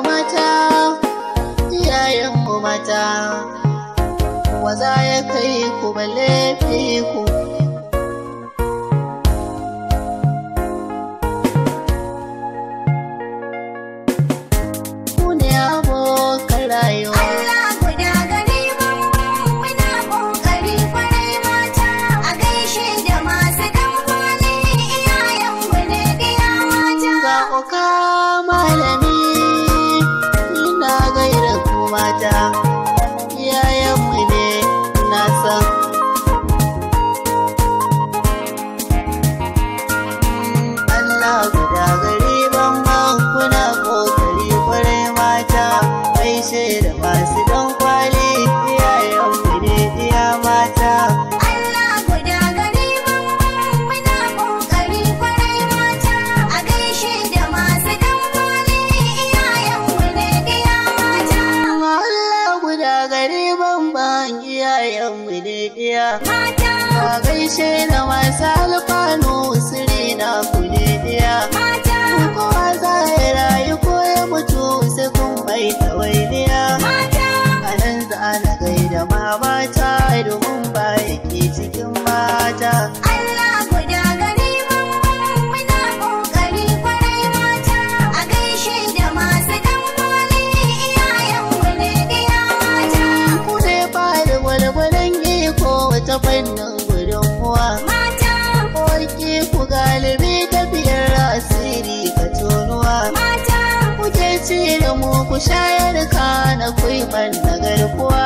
iyayenmu mata iyayenmu mata wa za ya kai ku balle ku da masu ɗan kwali iyayen mu mata. Allah guda gare mu muna ƙoƙari kwarai mata a gaishe da masu ɗan kwali iyayen mu ne Ma Allah guda gare bamban iyayen mu ne diya mata a gaishe da masu alfanu sirina ku ne iya ce da mu ku shayar ka na kuiɓar na garkuwa.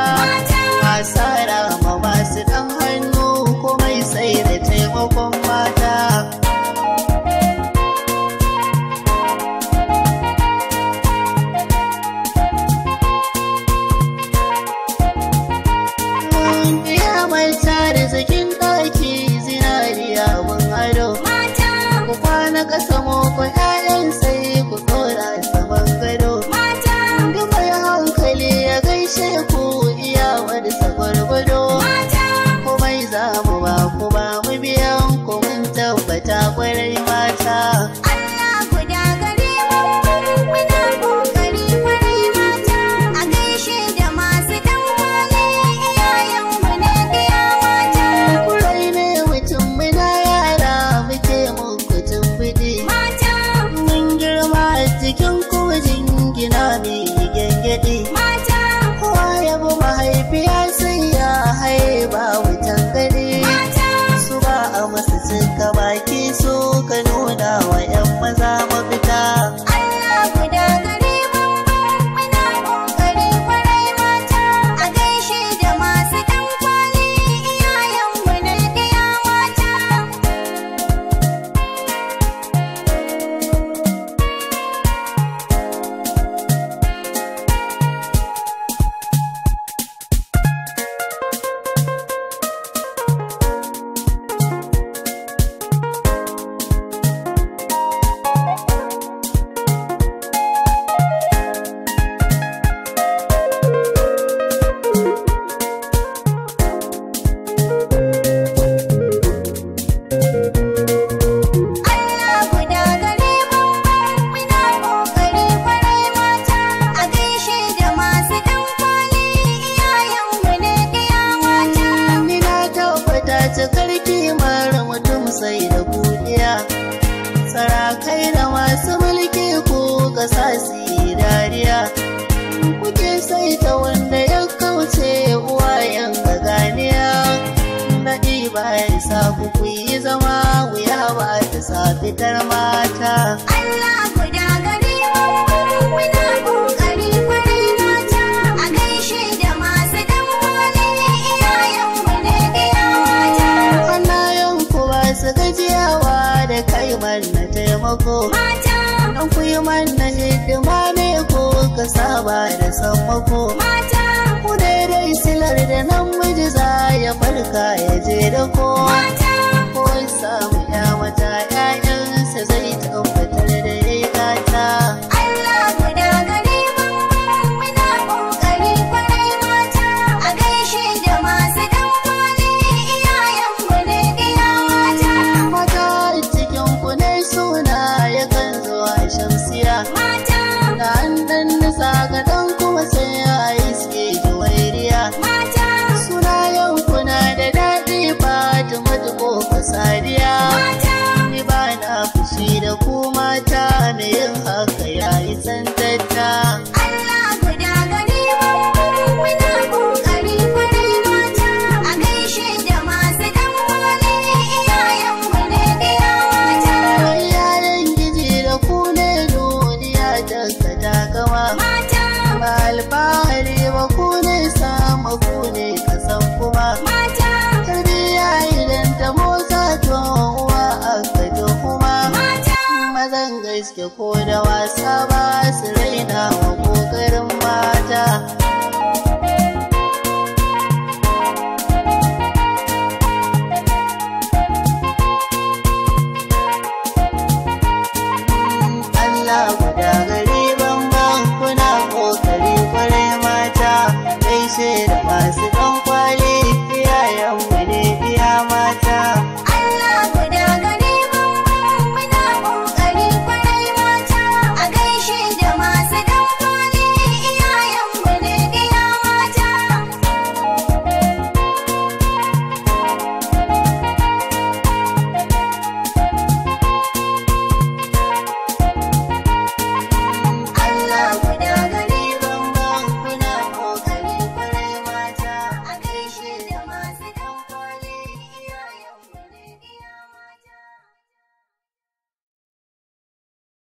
ku yi zama ku ya ba ta sa mata. Allah ku da gare mu muna kokari kwarai mata a gaishe da masu damfani iyayen mu ne iya mata. Hannayen ku ba su gajiyawa da kai na taimako. Mata. Don ku yi manna hidima ne ko ka saba da sammako. Mata. Ku daidai silar da nan miji za ya farka ya je da ko. suke ko da wasa ba su raina wa ƙoƙarin mata